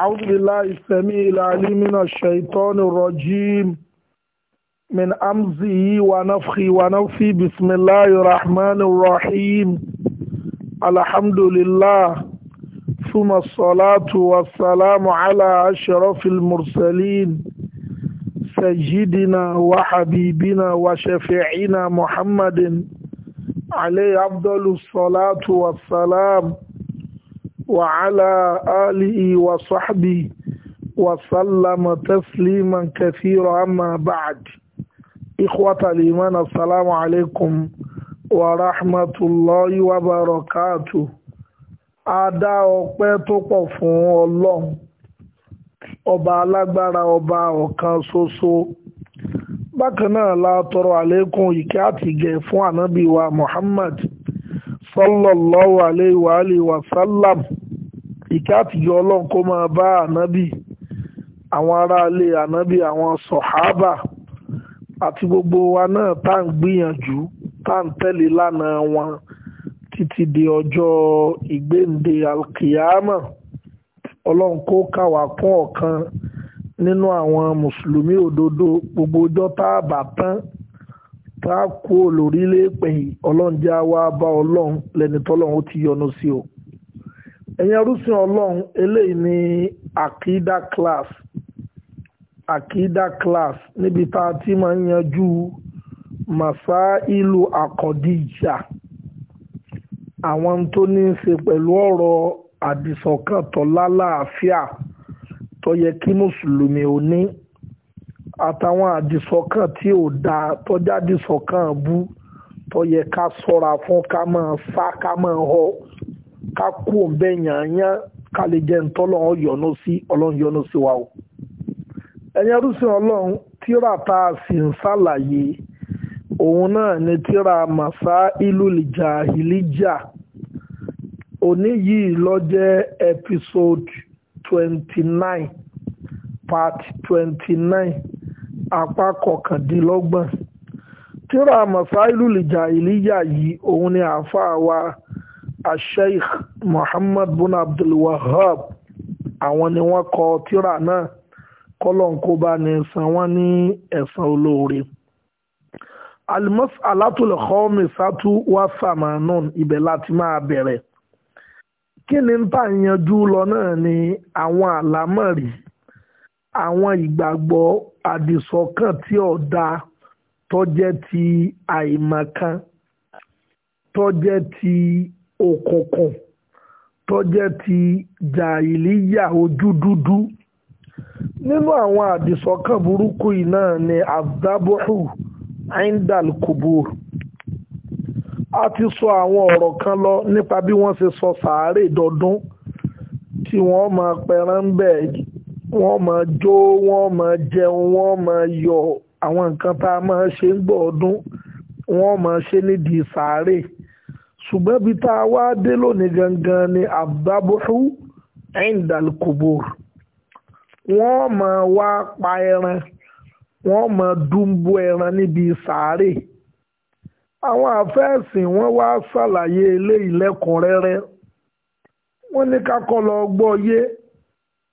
أعوذ بالله السميع العليم من الشيطان الرجيم من أمزه ونفخي ونفي بسم الله الرحمن الرحيم الحمد لله ثم الصلاة والسلام على أشرف المرسلين سيدنا وحبيبنا وشفيعنا محمد عليه أفضل الصلاة والسلام وعلى آله وصحبه وسلم تسليما كثيرا أما بعد إخوة الإيمان السلام عليكم ورحمة الله وبركاته Adá ọpẹ́ tó pọ̀ fún Ọlọ́run, ọba alágbára ọba ọ̀kan ṣoṣo. Bákan náà la tọrọ àlékún ìkẹ́ àtìgẹ̀ fún ànábì wa Muhammad sallallahu alayhi wa alihi wa ìkẹ́ àtìjọ́ ọlọ́run kó máa bá ànábì àwọn aráalé ànábì àwọn sọ̀hábà àti gbogbo wa náà tá à ń gbìyànjú tá à ń tẹ̀lé lánàá wọn títí di ọjọ́ ìgbéǹde alkiyama ọlọ́run kó kà wá kún ọ̀kan nínú àwọn mùsùlùmí òdodo gbogbo ọjọ́ tá a bá tán tá a kú olórílẹ̀ pẹ̀yì ọlọ́run wa bá ọlọ́run lẹ́ni tọ́lọ́run ó ti yọ́nú sí o. ẹ̀yin arúsìn ọlọ́run eléyìí ni akida class akida class níbi tá a ti máa ń yanjú màsá ìlú àkọ́díjà àwọn tó ní í ṣe pẹ̀lú ọ̀rọ̀ àdìsọ́kàn tó lálàáfíà tó yẹ kí mùsùlùmí ò ní àtàwọn àdìsọ́kàn tí ò dáa tó jẹ́ bú tó yẹ ká sọ́ra fún ká máa sá ká máa họ ká kú òǹbẹ yànyán ká lè jẹ́ ntọ́lọ́run ọ̀yọ́nú sí ọlọ́run yọ́nú sí wa o ẹ̀yin arúsìn ọlọ́run tíra tá a sì ń ṣàlàyé òun náà ni tíra màsá ìlú lìjà ìlíjà òní yìí ló jẹ́ episode twenty nine part twenty nine apá kọkàndínlọ́gbọ̀n tíra màsá ìlú lìjà ìlíjà yìí òun ni àáfàá wa asheikh Muhammad bin Abdul Wahab àwọn ni wọ́n kọ tírà náà kọ́lọ́n kó bá ní san wọ́n ní ẹ̀san olóore. Al-mas'alatul khamisatu wa samanun ibẹ̀ láti máa bẹ̀rẹ̀ kí ni ń tà yanjú lọ náà ni àwọn àlámọ̀rí àwọn ìgbàgbọ́ àdìsọ́kàn tí ò dáa ti àìmọ̀kan tó ti òkùnkùn. tó jẹ́ ti jàìlíyà ojú dúdú nínú àwọn àdìsọ́kàn burúkú yìí náà ni abdabuhu indal kubur a ti sọ àwọn ọ̀rọ̀ kan lọ nípa bí wọ́n ṣe sọ sàárè dọdún tí wọ́n máa pẹran wọ́n máa jó wọ́n máa jẹun wọ́n máa yọ àwọn nǹkan tá a máa ṣe ń gbọ́ ọdún wọ́n máa ṣe nídìí sàárè. ṣùgbọ́n bí tá a wá dé lónìí gangan ni àbábọ́hù endalkobor wọ́n máa wá pa ẹran wọ́n máa dúnbó ẹran níbi sàárè àwọn àfẹ́sìn wọ́n wá ṣàlàyé eléyìí lẹ́kùnrẹ́rẹ́ wọ́n ní kákọ́ lọ gbọ́ yé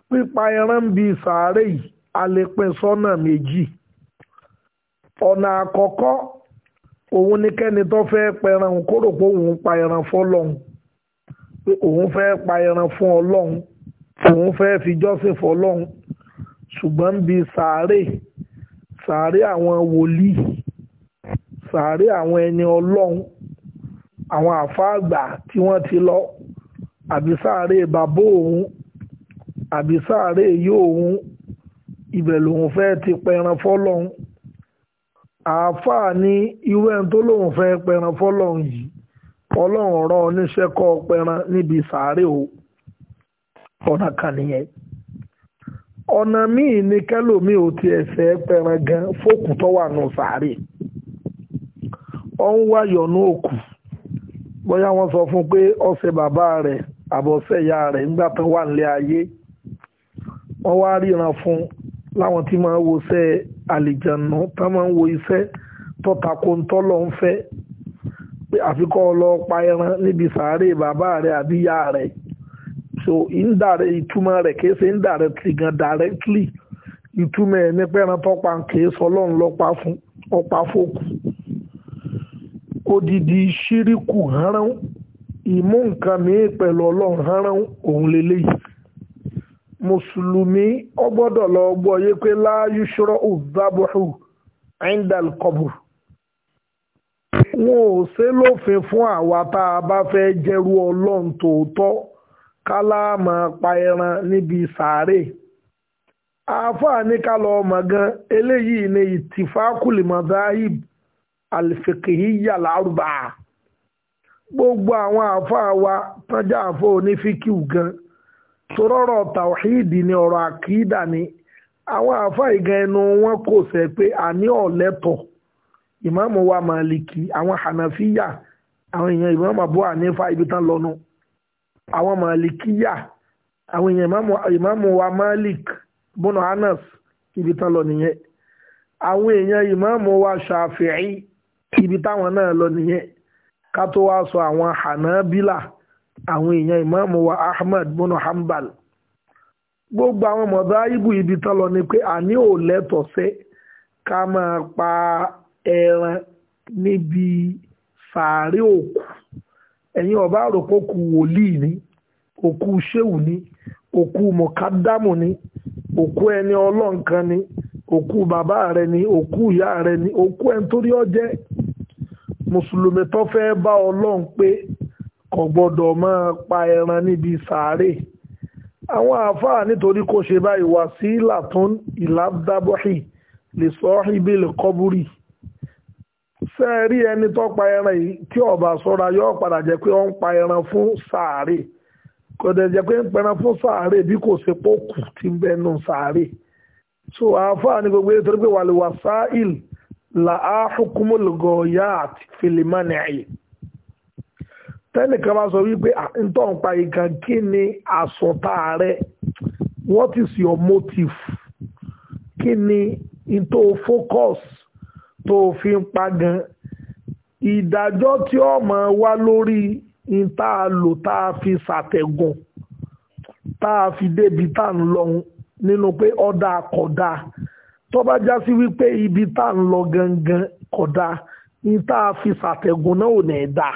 pípa ẹran bíi sàárè yìí a sọ́nà méjì ọ̀nà àkọ́kọ́ òun ní kẹ́ni tó fẹ́ pẹran kó rò pé òun pa ẹran fọlọ́hún pé òun fẹ́ pa ẹran fún ọlọ́hún òun fẹ́ fi jọ́sìn fọlọ́hún ṣùgbọ́n bí sàárè sàárè àwọn wòlíì sàárè àwọn ẹni ọlọ́hún àwọn àfáàgbà tí wọ́n ti lọ àbí sàárè bàbá òun àbí sàárè yóò òun ibẹ̀ lòun fẹ́ ti pẹran fọlọ́hún àáfàá ní irú ẹni tó lóun fẹ́ pẹran fọlọ́run yìí ọlọ́run ọ̀rọ̀ oníṣẹ́ kọ́ pẹran o ọ̀nà kan nìyẹn ọ̀nà míì ni kẹ́lòmíì ò pẹran gan fókùn tó wà nù sàárè ọ ń wá yọ̀nú sọ fún pé ọ̀sẹ̀ bàbá rẹ̀ àbọ̀sẹ̀ ìyá rẹ̀ nígbà tán wà nílé ayé wọ́n wá ríran fún láwọn tí máa àlìjànú tá máa ń wo iṣẹ́ tọ́ta kó ń tọ́ lọ ń fẹ́ àfikọ́ lọ ẹran níbi sàárè bàbá rẹ̀ àbí ìyá rẹ̀ so indirect ìtumọ̀ rẹ̀ kìí ṣe indirectly gan directly ìtumọ̀ ẹ̀ ní pẹ́ran tọ́pa kìí sọ ọlọ́run lọ́pa fún ọpa fókù odidi ṣíríkù hánrán ìmú nǹkan mìíràn pẹ̀lú ọlọ́run hánrán òun lélẹ́yìí Musulumi ó gbọ́dọ̀ lọ gbọ yé pé láàyè indal kọbùr wọn ò lófin fún àwa tá a bá fẹ́ jẹ́rú ọlọ́run tòótọ́ káláàmà pa ẹran níbi sàárè àáfàá ní ká lọ ọmọ gan eléyìí ni ìtìfákùlì mọ̀dáhìb àlìfèkìhíyà lárúbà gbogbo àwọn àáfàá wa tọ́jà àfọ́ onífíkìw gan torọ́rọ̀ tawhidi ni ọ̀rọ̀ akida ni awọn afọ ìgan ẹnu wọn kò sẹ́ pé ani ọ̀lẹ́tọ̀ ìmáàmù wa maliki àwọn hanafiya àwọn èèyàn ìmáàmù àbúrò ànífà ibi tán lọ́nu àwọn màlìkíyà àwọn èèyàn ìmáàmù wa malik bùnà anas ibi tán lọ nìyẹn àwọn èèyàn ìmáàmù wa shafi'i ibi táwọn náà lọ nìyẹn ká tó wá sọ àwọn àwọn èèyàn ìmáàmù wa Ahmad bono Hanbal gbogbo àwọn mọ̀dá ibù ibi tán lọ ni pé àní ò lẹ́tọ̀ọ́ sẹ́ ká máa pa ẹran níbi sàárè òkú ẹ̀yin ọba àròpọ̀ òkú wòlíì ni òkú ṣéwù ni òkú mọ̀kádámù ni òkú ẹni ọlọ́nkan ni òkú bàbá rẹ ni òkú ìyá rẹ ni ọ jẹ́ mùsùlùmí tó fẹ́ bá kò gbọ́dọ̀ máa pa ẹran níbi sàárè àwọn àáfàá nítorí kò ṣe báyìí wá sí látún ìlàdábọ́hì lè sọ ìbílè kọ́búrì sẹ́ẹ̀rí ẹni tó pa ẹran yìí tí ọba sọ́ra yóò padà jẹ́ pé ó ń pa ẹran fún sàárè kò dẹ̀ jẹ́ pé ń pẹran fún sàárè bí kò ṣe pọ́kù tí ń bẹnu sàárè so àáfàá ní gbogbo ètò pé wàlúwàsáìl làá hukumul goyat filimani ayi tẹ́nìkan bá sọ wípé ah, ntọ́ pa ìkan kí ni àsọ̀tà rẹ what is your motive kí ni ntọ́ focus tó fi ń pa gan ìdájọ́ tí ó máa wá lórí ntá lò tá a fi ṣàtẹ̀gùn tá a fi débi tá à ń lọ nínú pé ọ̀dà kódà tó bá já sí wípé ibi tá à ń lọ gangan kódà ntá a fi ṣàtẹ̀gùn náà ò ní í dáa.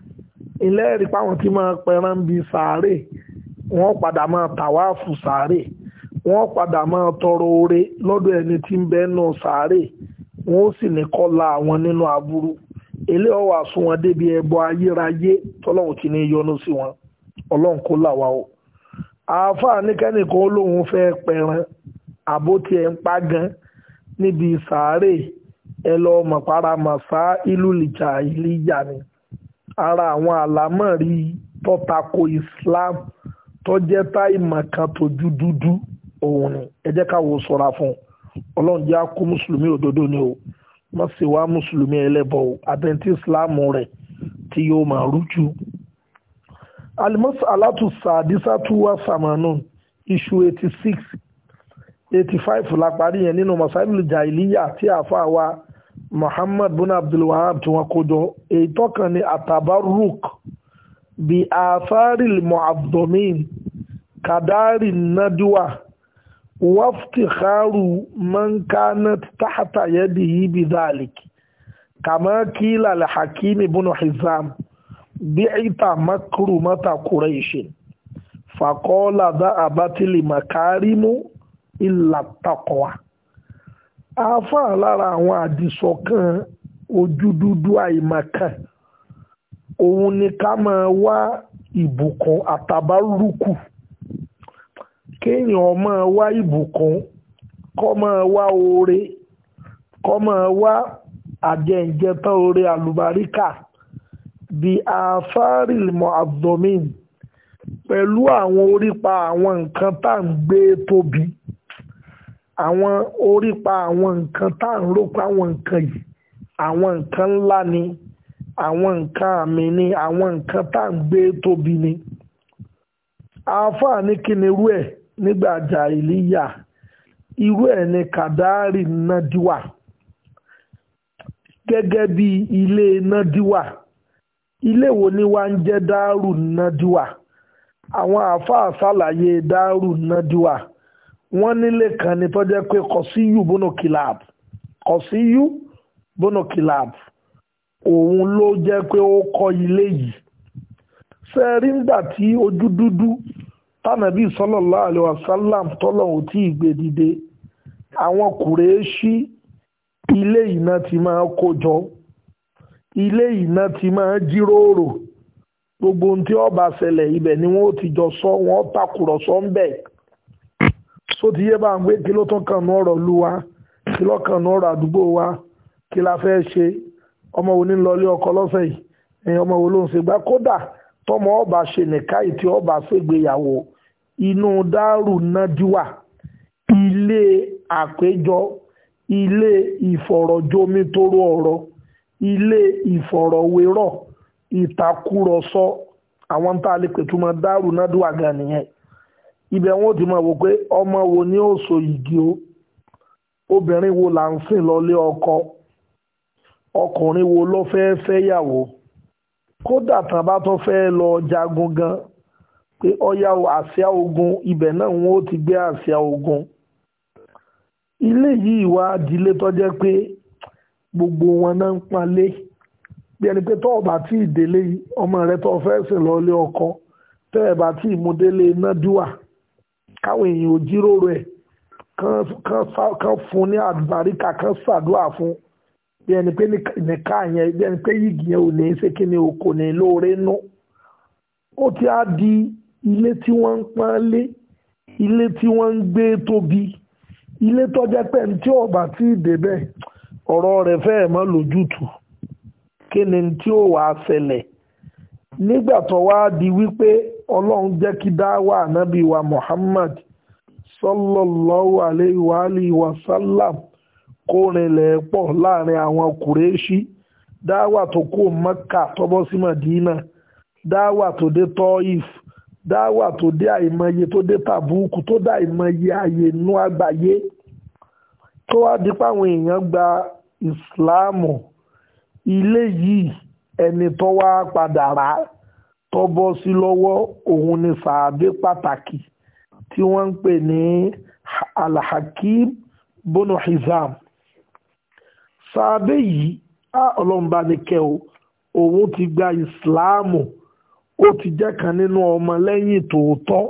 ìlẹ́rìí páwọn tí máa pẹran bí sàárè wọ́n padà máa tàwáàfù sàárè wọ́n padà máa tọrọ oore lọ́dọ̀ ẹni tí ń bẹ́ẹ̀ sàárè wọ́n sì ní kọ́la àwọn nínú aburú ilé ọwọ́ àsùnwọ̀n débi ẹbọ ayérayé tọ́lọ́hún ní sí wọn kó là wá o àáfàá olóhùn fẹ́ pẹran àbó ń pa gan níbi sàárè ẹ ara àwọn àlámọ̀rí tó tako Islam tó jẹ́ tá ìmọ̀ kan tójú dúdú òun ni ẹ jẹ́ káwọ́ sọ́ra fún ọlọ́run jẹ́ kó mùsùlùmí òdodo ni o má ṣe wá mùsùlùmí ẹlẹ́bọ o àbẹ̀ntí Islam rẹ̀ tí yóò máa rújú. alimọ́sálátù sàdísátù wà sàmánù iṣu eighty six eighty five la parí yẹn nínú masáìlú jàìlíyà tí àáfàá wa muhammad bin abdulwahab tí wọ́n kó jọ èyí tọ́kàn ní atabaruk bi afaril mu'azzamin kadari nadwa waftikharu man kanat tahta yadihi bidhalik kama kila al-hakim ibn hizam bi'ita makrumata quraish faqala dha'abatil makarimu illa taqwa àáfàá lára àwọn àdìsọ́kàn ojú dúdú àìmọ̀kan òun ni ká máa wá ìbùkún àtàbárùkù kéèyàn máa wá ìbùkún kọ́ máa wá oore kọ́ máa wá àjẹǹjẹtán oore àlùbáríkà bíi àfáàrìlmọ̀ abdomin pẹ̀lú àwọn orípa àwọn nǹkan tá à ń gbé tóbi àwọn orípa àwọn nǹkan tá à ń rò pé àwọn nǹkan yìí àwọn nǹkan ńlá ni àwọn nǹkan àmì ni àwọn nǹkan tá à ń gbé tóbi ni àáfàá ní kí ni irú ẹ̀ nígbà jàìlíyà irú ẹ̀ ni kàdáàrì nàdíwà gẹ́gẹ́ bí ilé nàdíwà ilé wo ni wá ń jẹ́ dáàrù nàdíwà àwọn àáfàá ṣàlàyé dáàrù nàdíwà wọ́n nílé kan ní tó jẹ́ pé kọ̀síyù bónú kìláàb kọ̀síyù bónú kìláàb òun ló jẹ́ pé ó kọ́ ilé yìí ṣe nígbà tí ojú dúdú tànàbí sallallahu alaihi tí ìgbè dìde àwọn ilé ti máa kó jọ ilé ìná ti máa jíròrò gbogbo ohun tí ṣẹlẹ̀ ibẹ̀ ni wọ́n ti jọ sọ wọ́n so ti yé bá ń gbé kí ló tún kàn ní ọ̀rọ̀ lu wa kí ló kàn ní ọ̀rọ̀ àdúgbò wa kí la fẹ́ ṣe ọmọ wo ní ọkọ lọ́sẹ̀ yìí ọmọ wo ló ń ṣe gbá tọmọ ọba ṣe nìka ìtì ọba ṣègbéyàwó inú nàdíwà ilé àpéjọ ilé ìfọ̀rọ̀jomitoro ọ̀rọ̀ ilé ìfọ̀rọ̀wérọ̀ àwọn lè pè túmọ̀ ibẹ̀ wọn ò ti máa wò pé ọmọ wo ni ó so yìgì o obìnrin wo là ń sìn lọlé ọkọ ọkùnrin wo ló fẹ́ẹ́ fẹ́yàwó kódà tán bá tún fẹ́ẹ́ lọ jagun gan pé ọyá àsíá ogun ibẹ̀ náà wọn ò ti gbé àsíá ogun ilé yìí wá dilé tó jẹ́ pé gbogbo wọn náà ń palé bí ẹni pé tọ́ọ̀ tí ì délé ọmọ rẹ tó fẹ́ sìn lọ ilé ọkọ tẹ́ẹ̀ bá tí ì mú délé náà dúwà káwọn èèyàn ò jíròrò ẹ̀ kan fún ní àbáríkà kan ṣàdúrà fún bí ẹni pé nìka yẹn bí ẹni pé yìgì yẹn ò ní í ṣe kí ni òkò ní lóore nú ó ti á di ilé tí wọ́n ń pọ́n lé ilé tí wọ́n ń gbé tóbi ilé tọ́jẹ́ pẹ̀ tí ọ̀bà tí ì débẹ̀ ọ̀rọ̀ rẹ̀ fẹ́ẹ̀ mọ́ lójútùú kí ni tí ó wàá ṣẹlẹ̀ nígbà tó wá di wípé ọlọ́run jẹ́ kí dáwà ànábì wa muhammad sallallahu alayhi wa alihi wa sallam kó rinlẹ̀ pọ̀ láàrin àwọn kùrẹ́ṣí dáwà tó kó mẹ́kà tọ́bọ́ sí madina dáwà tó dé tọ́if dáwà tó dé àìmọye tó dé tàbúkù tó dé àìmọye àyè inú àgbáyé tó wá di páwọn èèyàn gba ìsìláàmù ilé yìí ẹni tó wá padà rà tó bọ́ sí lọ́wọ́ òun ni sàábé pàtàkì tí wọ́n ń pè ní alhakim bono hizam yìí ọlọ́mba ti gba ìsìláàmù ó ti jẹ́ kan nínú ọmọ lẹ́yìn tòótọ́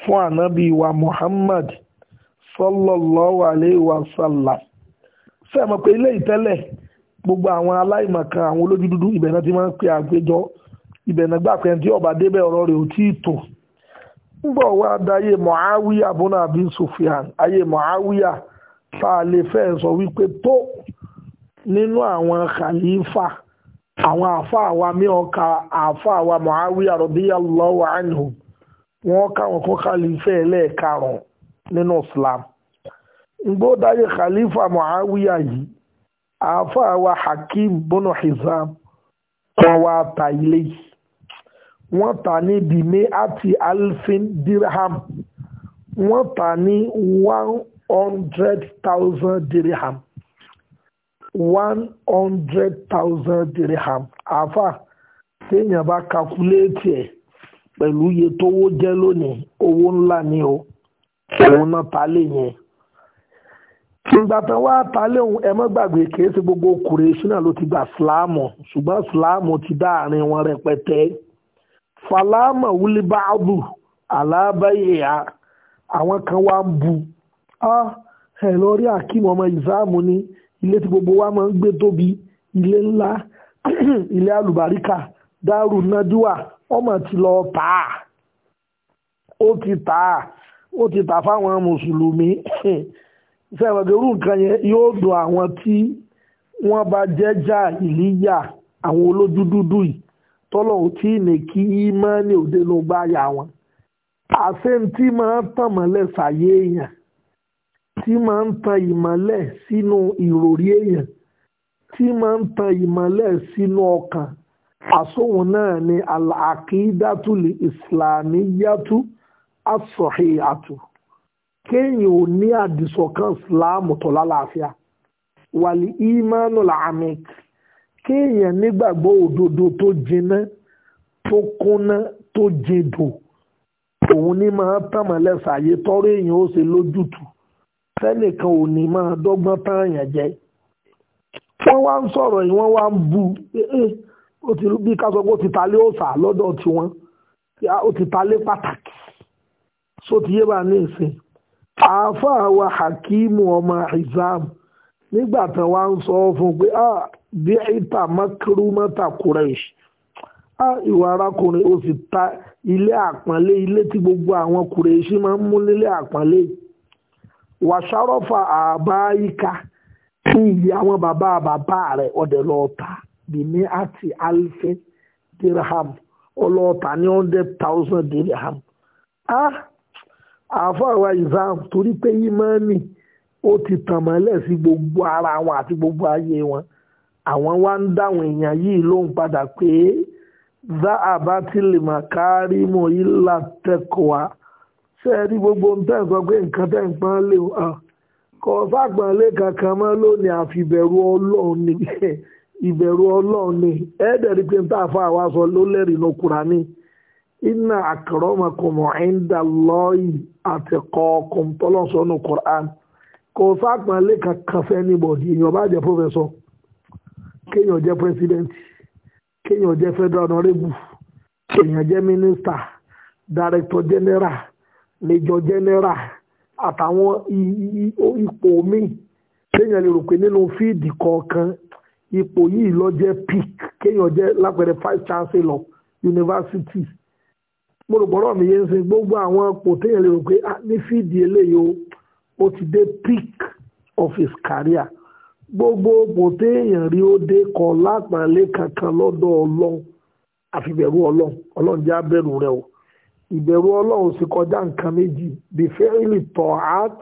fún ànábì wa muhammad wa pé gbogbo àwọn aláìmọ̀kan àwọn olójú dúdú ibẹ̀ ti ma ń pe àgbéjọ ibẹ̀ náà gbà tí ọba débẹ̀ ọ̀rọ̀ rẹ̀ ò tí ì tò ń bọ̀ wá dáyé Muawiya bọ́nà àbí Sufyan Muawiya tá a lè fẹ́ sọ wípé tó khalifa àwọn àfáà wa mí ọkà àfáà wa Muawiya radiyallahu anhu wọn káwọn kan khalifa ẹlẹ́ẹ̀karùn-ún nínú Islam ń gbọ́ khalifa Muawiya yìí àáfàá wa Hakim bono Hizam kan wá ta ilé yìí wọ́n ta ní bimé àti alfin dirham wọ́n ta ní one hundred thousand dirham one hundred thousand dirham àáfàá téèyàn bá kakuléètì ẹ̀ pẹ̀lú iye tówó jẹ́ lónìí owó ńlá ni o òun náà ta lè yẹn ìgbà tán wá ta léhùn ẹ mọ́ gbàgbé kìí ṣe gbogbo kùrẹ́ṣí náà ló ti gba síláàmù ṣùgbọ́n síláàmù ti dá àárín wọn rẹpẹtẹ fàlámà wúlíbáàbù alábẹ́yẹ̀yà àwọn kan wá ń bu ẹ lọ rí àkímọ̀ ọmọ ìzáàmù ní ilé tí gbogbo wa máa ń gbé tóbi ilé ńlá ilé alùbáríkà dárù nàdúà ọmọ ti lọ tà á ó ti tà á ó ti tà fáwọn mùsùlùmí sẹ́wọ̀gẹ́rú nǹkan yẹn yóò dùn àwọn tí wọ́n bá jẹ́ já ìlíyà àwọn olójú dúdú yìí tọ́lọ̀ ò tí ì ní kí ímánì òde ló bá yà wọn. àṣẹ́ntì máa ń tàn mọ́lẹ̀ sàyé èèyàn tí máa ń tan ìmọ́lẹ̀ sínú ìròrí èèyàn tí máa ń tan ìmọ́lẹ̀ sínú ọkàn àsóhun náà ni kéèyàn ò ní àdìsọ̀kan islam tó lálàáfíà wàlí imanu lamik kéèyàn nígbàgbọ́ òdodo tó jinná tó kúnná tó jindò òun ní máa tàmọ́lẹ̀ sàyé tọ́rọ èèyàn ó ṣe lójútùú sẹ́nìkan ò ní máa dọ́gbọ́n tààyàn jẹ́ wọ́n wá ń sọ̀rọ̀ yìí wọ́n wá ń bu eh, ó ti bí ká sọ pé ó ti talé òòsà lọ́dọ̀ tiwọn ó ti talé pàtàkì só bá ní ìsìn àáfàá wa hakimu ọmọ hizam nígbà nsọ wá ń sọ fún pé ah bí ìta makrumata ah ìwà arákùnrin ó sì ta ilé àpọ́nlé ilé tí gbogbo àwọn kureishi máa ń mú nílé àpọ́nlé wàṣàròfà àbáyíká ní iye àwọn bàbá bàbá rẹ̀ ọ̀dẹ̀ lọ́ọ̀ta bìíní àti alfẹ́ dirham ọlọ́ọ̀ta ní àfọwọ́ islam torí pé ìmọ̀ọ́nì ó ti tàn mọ́lẹ̀ sí gbogbo ara wọn àti gbogbo ayé wọn àwọn wá ń dáwọn èèyàn yìí lóhùn padà pé záàbá tí lè mà kárí mọ ìlà tẹkọ̀ọ́ ṣe é rí gbogbo ohun tẹ́ sọ pé nǹkan tẹ́ ń pọ́n lé hàn kò sápọ̀n lé kankan mọ́ lónìí àfi ìbẹ̀rù ọlọ́run ni ìbẹ̀rù ọlọ́run ni ẹ̀ẹ́dẹ̀rí pé ń tà fún àwa sọ ló lẹ́rìí nù inna akramakum indallahi atqakum tọ́lọ́sọ́nù Qur'an kò sáàpọ̀nlé kankan fẹ́ níbọ̀dì èèyàn bá jẹ́ pọ́fẹ́sọ̀ kéèyàn jẹ́ pírẹsidẹ́ǹtì kéèyàn jẹ́ federal honorable kéèyàn jẹ́ minister director general major general àtàwọn ipò míì kéèyàn lè rò pé nínú fíìdì kọ̀ọ̀kan ipò yìí lọ jẹ́ pic kéèyàn jẹ́ lápẹẹrẹ vice chancellor university mo rò bọ́rọ̀ mi yé ń sin gbogbo àwọn ipò téèyàn lè rò pé ah, ní fídìí eléyìí ó ti dé peak of his career gbogbo ipò téèyàn rí ó dé kọ lápàlẹ kankan lọ́dọ̀ ọlọ́run àfibẹ̀rù ọlọ́run ọlọ́run jẹ́ abẹ́rù rẹ o ìbẹ̀rù ọlọ́run sì kọjá nǹkan méjì bí fẹ́ẹ́lì tọ̀ art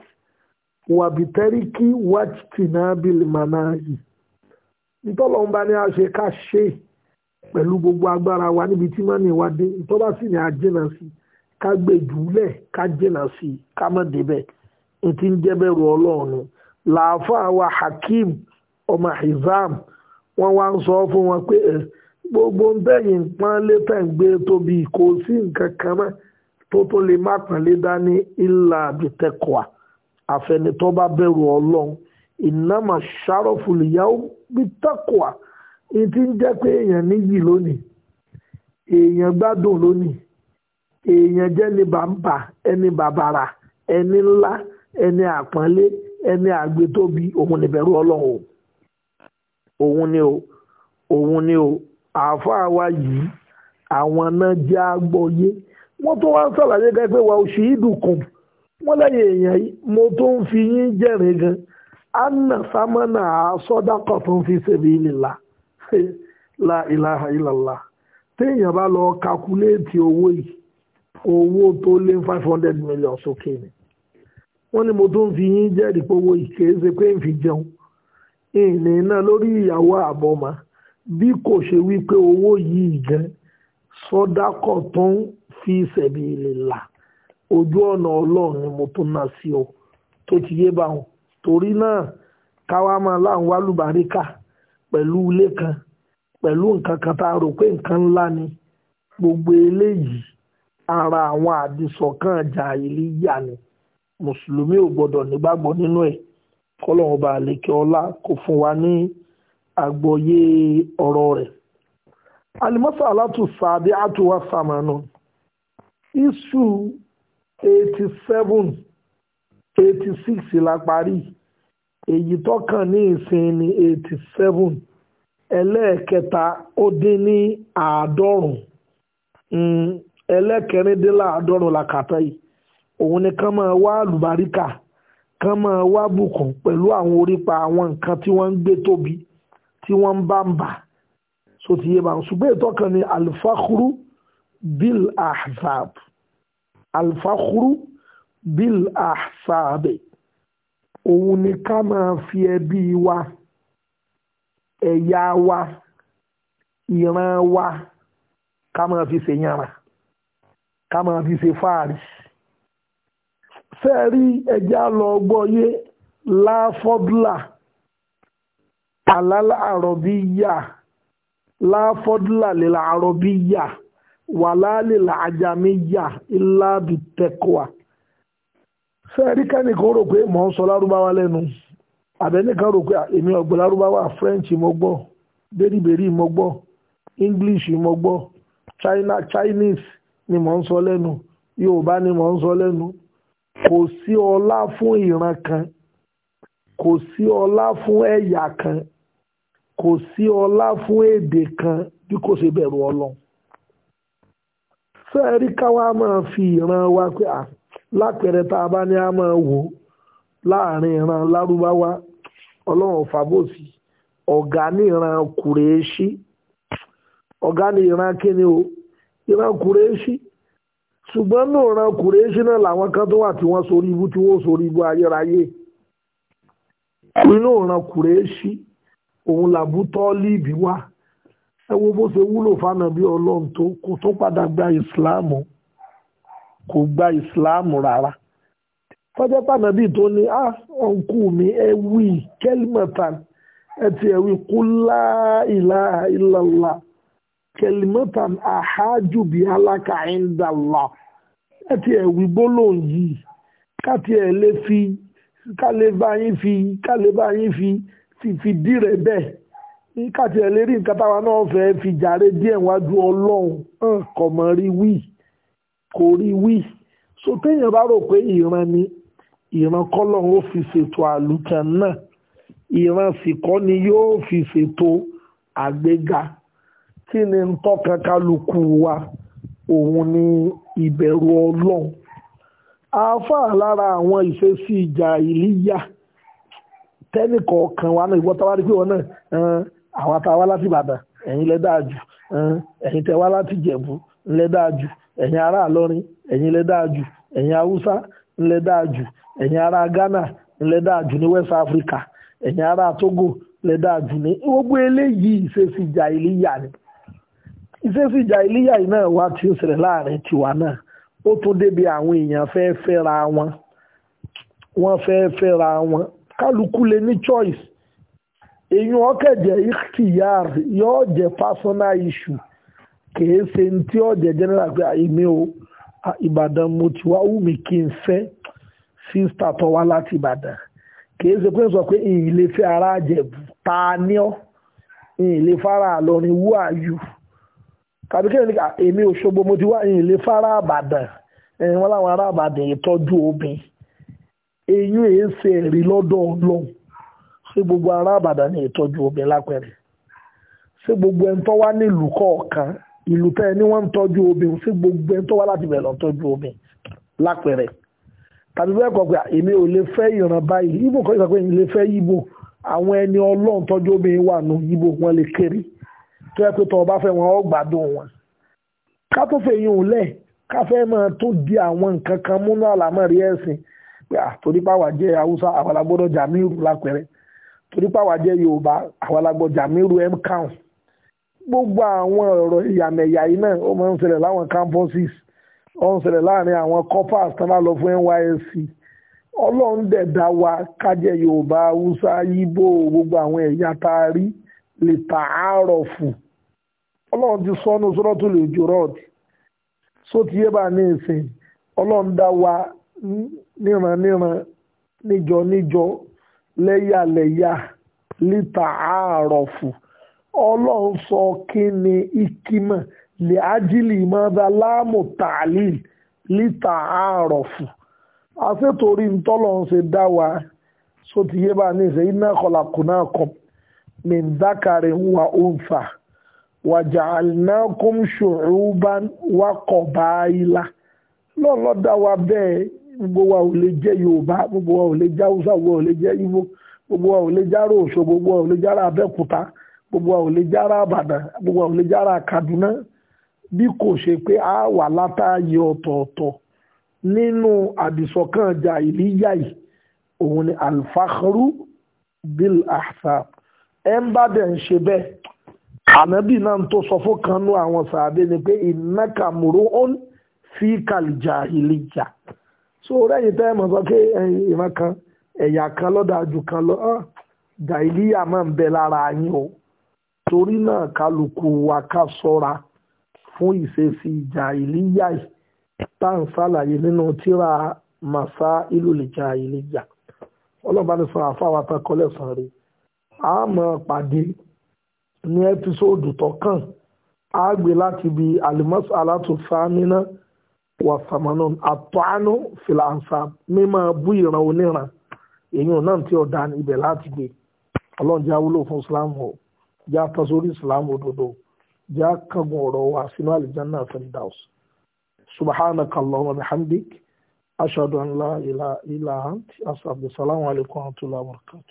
wàbítẹ́ríkì wájtìnà bílímànà yìí nítọ́lọ́run bá ní a ṣe ká ṣe é pẹ̀lú gbogbo agbára wa níbi tí mọ́ni wa dé tó bá sì ní ajínà sí ká gbé jùlẹ̀ ká jìnà sí ká débẹ̀ ń jẹ́ wa hakeem ọmọ hizam wá ń fún wọn pé eh, gbogbo ń bẹ̀yìn pọ́n létà ń gbé tóbi kò sí nǹkan kan mọ́ tó tó lè má ìtí ti jẹ́ pé èèyàn níyì lónìí èèyàn gbádùn lónìí èèyàn jẹ́ ní bàbà ẹni bàbàrà ẹni ńlá ẹni àpọ́nlé ẹni àgbétóbi òun níbẹ̀rù ọlọ́run òun ni o òun ni o àáfàá wa yìí àwọn náà jẹ́ àgbọ̀yé wọ́n tún wá sàlàyé pé wà ó ṣe wọ́n lẹ́yìn èèyàn yìí mo tún ń fi yín jẹ́rìí gan anna samana sọ́dákọ̀ tó ń fi la ilaha ìlàlá téèyàn bá lọ kakuléètì owó yìí owó tó lé five hundred million sókè ni wọ́n ní mo tún fi yín jẹ́rìí pé owó yìí kìí ṣe pé ń fi jẹun ìní náà lórí ìyàwó àbọ̀mà bí kò ṣe wípé owó yìí gan sọ́dákọ̀ tó ń fi ṣẹ̀bi lè ojú ọ̀nà ọlọ́run ni mo tún ná sí o tó ti yé báwọn torí náà káwá máa láwọn wálùbáríkà. pẹ̀lú ilé kan pẹ̀lú nǹkan kan tá a rò pé nǹkan ńlá ni gbogbo eléyìí ara àwọn àdìsọ̀kan jàhílíyà ni mùsùlùmí ò gbọdọ̀ nígbàgbọ́ nínú ẹ̀ kọ́lọ́run ọba àlekè ọlá kò fún wa ní àgbọ́yé ọ̀rọ̀ rẹ̀. alimọ́sà alátù sàbí àtúwà sàmánù isu eighty seven eighty six la parí èyí tó ní ìsìn ní eighty seven ẹlẹ́ẹ̀kẹta ó dín ní àádọ́rùn-ún hmm, ẹlẹ́ẹ̀kẹrìndínláàádọ́rùn làkàtà yìí òun ni kán máa wá àlùbáríkà kán máa wá bùkún pẹ̀lú àwọn orípa àwọn nǹkan tí wọ́n ń gbé tóbi tí wọ́n ń bá ń bà so ti yé bá ṣùgbọ́n ètò ní alifakuru bil ahzab alifakuru bill ahzabe òun ni ká máa fi ẹbí wa ẹ̀yà wa ìran wa ká máa fi ṣe yànrà ká máa fi ṣe fáàrí sẹ́ẹ̀rí ẹja lọ gbọ́yé láfọ́dúlà àlálà àrọ̀bíyà láfọ́dúlà lèlà àrọ̀bíyà wàlálè làjàmíyà ìlàbìtẹ́kọ̀ọ́ sẹ́ẹ̀rí kẹ́nìkan rò pé mò ń sọ lárúbáwá lẹ́nu àbẹ́nìkan rò pé èmi ọ̀gbọ́n lárúbáwá french mo gbọ́ bẹ́rìbẹ́rì mo gbọ́ english mo gbọ́ china chinese ni mò ń sọ lẹ́nu yorùbá ni mò ń sọ lẹ́nu kò sí ọlá fún ìran kan kò sí ọlá fún ẹ̀yà kan kò sí ọlá fún èdè kan bí kò ṣe bẹ̀rù ọlọ́run sẹ́ẹ̀rí wa máa fi ìran wa pé àpò lápẹẹrẹ tá a bá ní a máa wò láàrin ìran lárúbáwá ọlọ́run fàbòsí ọ̀gá ní ìran kùrẹ́ẹ́sì ọ̀gá ní ìran kíni o ìran kùrẹ́ẹ́sì ṣùgbọ́n ní ìran kùrẹ́ẹ́sì náà làwọn kan tó wà tí wọ́n sorí ibú tí wọ́n sorí ibú ayérayé inú ìran kùrẹ́ẹ́sì òun làbú tọ́líìbì wà ẹ wo bó ṣe wúlò fánàbí ọlọ́run tó kó tó padà gba ìsìláàmù kò gba ìsìláàmù rárá tọ́jọ́ pànàbí tó ní á ah, ọ̀nkú mi ẹ wí kẹ́límọ̀tàn ẹ ti ẹ wí kú lá ilaha illallah kẹ́límọ̀tàn àhájú bí aláka indallah ẹ ti ẹ wí gbólóhùn yìí ká ti ẹ lè fi ká lè bá yín fi ká lè bá yín fi fìfì dí rẹ̀ bẹ́ẹ̀ ní ká ti ẹ lè rí nǹkan táwa náà fẹ́ fi jàre díẹ̀ wájú ọlọ́run kọ̀mọ́rí wíì kò rí wí so téèyàn bá rò pé ìran ni ìran kọ́lọ̀ ó fi ṣètò àlùkàn náà ìran sì kọ́ ni yóò fi ṣètò àgbéga kí ni ń tọ́ka kálukú wa òun ni ìbẹ̀rù ọlọ́run àáfàá lára àwọn ìṣesí ìjà ìlíyà tẹ́nìkọ̀ọ̀kan wa náà ìwọ́n táwa rí pé wọn náà àwọn àtàwa láti Ìbàdàn ẹ̀yin lẹ́dáàjù ẹ̀yin tẹ́wá láti Jẹ̀bú lẹ́dáàjù ẹ̀yìn ara àlọ́rin ẹ̀yin lẹ ẹ̀yìn haúsá ńlẹ dáa jù ghana ńlẹ west africa ẹ̀yìn ara togo ńlẹ ní gbogbo eléyìí ìṣesí jàìlíyà ni ìṣesí jàìlíyà yìí náà wá tí ó ṣẹlẹ̀ láàrin tiwa náà ó tún débi àwọn èèyàn fẹ́ wọn wọ́n fẹ́ wọn kálukú lè ní choice èyí ọkẹ̀jẹ̀ ikhtiyar yóò jẹ́ personal issue kìí ṣe ní tí ọ̀jẹ̀ general pé èmi o ìbàdàn mo ti wá wù mí kí n fẹ́ sísítà tó wá láti ìbàdàn kìí ṣe pé sọ pé ìyìn lè fẹ́ ara àjẹ̀bù ta ni ọ́ ìyìn lè fara àlọ́rin wú àyù tàbí kí ni èmi òṣogbo mo ti wá ìyìn lè fara àbàdàn ẹ̀yìn wọn láwọn ará àbàdàn ìtọ́jú obìn eyín èé ṣe ẹ̀rí lọ́dọ̀ ọlọ́run ṣé gbogbo ará àbàdàn ní ìtọ́jú obìn lápẹ̀rẹ̀ ṣé gbogbo ẹni tó wá nílùú kọ̀ọ̀kan ìlú tẹ́ ẹ ní wọ́n ń tọ́jú obìnrin sí gbogbo ẹni tó wá láti bẹ̀rẹ̀ lọ tọ́jú obìnrin lápẹ̀rẹ̀ tàbí bẹ́ẹ̀ kọ́ pé èmi ò lè fẹ́ ìran báyìí ibo kọ́ ìgbà pé èmi lè fẹ́ ibo àwọn ẹni ọlọ́run tọ́jú obìnrin wà nù ibo wọn lè kéré tó yẹ pé tọ́ ọba fẹ́ wọn ọ́ gbádùn wọn. ká tó fẹ́ yín òlẹ̀ ká fẹ́ máa tó di àwọn nǹkan kan múnú àlámọ̀rí ẹ̀sìn pé àtòrí pàwà jẹ́ haúsá àwàlagbọ́dọ̀ jàmírù lápẹ̀rẹ̀ torí pàwà jẹ́ yorùbá àwàlagbọ́ jàmírù m gbogbo àwọn ọ̀rọ̀ ìyàmẹ̀yà yìí náà ó máa ń ṣẹlẹ̀ láwọn campuses ó ń ṣẹlẹ̀ láàrin àwọn corpers tán bá lọ fún NYSC ọlọ́run dẹ̀ dá wa kájẹ Yorùbá Haúsá Yíbò gbogbo àwọn ẹ̀yà tá a rí lè tà àárọ̀ fù ọlọ́run ti sọ́nù sọ́dọ̀tún lè jò rọ́ọ̀dì só yé bá ní ìsìn ọlọ́run dá wa níran níran níjọ níjọ lẹ́yà lẹ́yà lítà àárọ̀ fù ọlọ́run sọ kí ni ikima lè ájílì mọ́dá láàmù tààlì lítà àárọ̀fù àṣetorí ntọ́lọ́run ṣe dá wa só ti yé bá ní ìṣe iná kọlàkùnà kọ mìndákàrí wa òǹfà wàjà àlìnákùn ṣùrùbán wa kọ̀ báyìlá lọ́lọ́ dá wa bẹ́ẹ̀ gbogbo wa ò lè jẹ́ Yorùbá gbogbo wa ò lè jẹ́ Haúsá gbogbo wa ò lè jẹ́ Ìgbò gbogbo wa ò lè jẹ́ àròsọ gbogbo wa ò lè jẹ́ àrà gbogbo àwọn ò lè jára àbàdàn gbogbo àwọn ò lè jára Kaduna bí kò ṣe pé a wà látàyè ọ̀tọ̀ọ̀tọ̀ nínú àdìsọ́kàn ọjà ìlíyà òun ni alfahru bil ahsab ẹ ń bá dẹ̀ ń ṣe bẹ́ẹ̀ ànábì náà tó sọ fún kanú àwọn sàádé ni pé ìnáka múró ọ́n fi kàlìjà ìlíjà so rẹ́yìn tẹ́ mọ̀ sọ pé ìran kan ẹ̀yà kan lọ́dà jù kan lọ́ ah, jà máa ń bẹ lára yín o torí náà kálukú wa ká sọ́ra fún ìṣesí ìjà ìlíyà tá à ń ṣàlàyé nínú tíra màsá ìlú ìjà ìlíyà ọlọ́ba ní sọ̀rọ̀ àfáwà tá kọ́lẹ̀sán rẹ̀ a mọ̀ pàdé ní ẹ́písòdù tó kàn á gbé láti ibi alimọ́sí alátúnfà níná wàsàmánú àtọ́ánú filansa mímọ́ bú ìran oníran èyí náà tí ọ̀dà ibẹ̀ láti gbé ọlọ́njẹ́ awúlò fún Islam hàn já tán sórí islam òdodo já kángun ọ̀rọ̀ wa sínú àlìjáná firdaus subhanaka allahumma bihamdik ashhadu an la ilaha illa ant astaghfiruka wa atubu ilayk